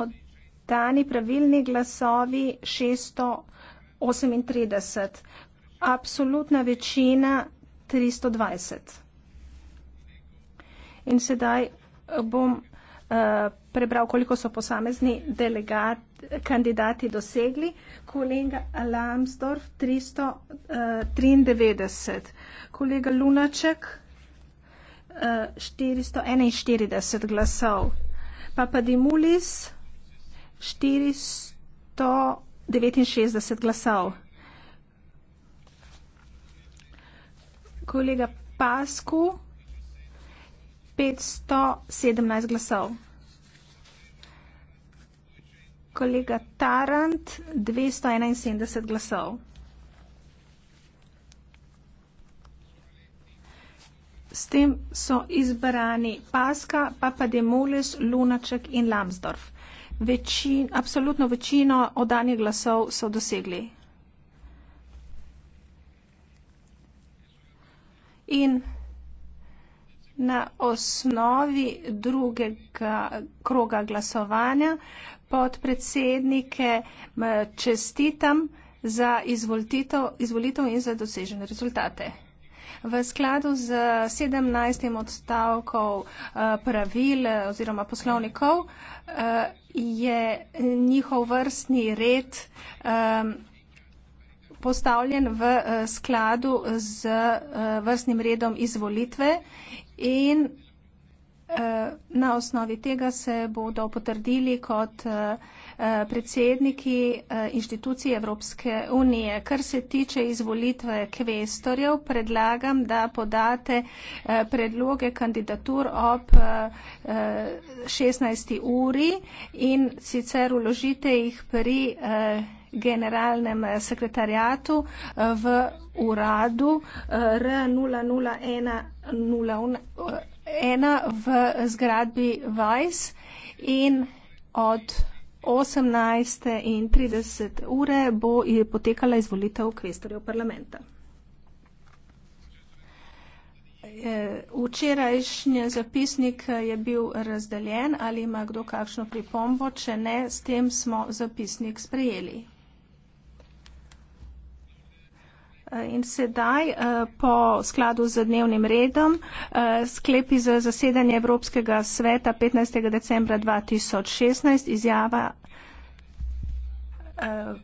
oddani pravilni glasovi 638, absolutna večina 320. In sedaj eh, bom uh, prebral, koliko so posamezni delegat, kandidati dosegli. Kolega Lambsdorff 393, eh, kolega Lunaček uh, 441 glasov, Papadimulis 469 glasov. Kolega Pasku, 517 glasov. Kolega Tarant, 271 glasov. S tem so izbrani Paska, Papademoles, Lunaček in Lambsdorff absolutno večino oddanih glasov so dosegli. In na osnovi drugega kroga glasovanja podpredsednike eh, čestitam za izvolitev in za dosežene rezultate. V skladu z 17. odstavkov eh, pravil eh, oziroma poslovnikov eh, je njihov vrstni red ehm, postavljen v skladu z vrstnim redom izvolitve in Eh, na osnovi tega se bodo potrdili kot eh, eh, predsedniki inštitucij Evropske unije. Kar se tiče izvolitve kvestorjev, predlagam, da podate predloge kandidatur ob 16. uri in sicer uložite jih pri generalnem sekretarijatu v uradu R001 01 ena v zgradbi Vajs in od 18.30 ure bo je potekala izvolitev kvestorjev parlamenta. E, včerajšnji zapisnik je bil razdeljen. Ali ima kdo kakšno pripombo? Če ne, s tem smo zapisnik sprejeli. In sedaj eh, po skladu z dnevnim redom eh, sklepi za zasedanje Evropskega sveta 15. decembra 2016 izjava. Eh,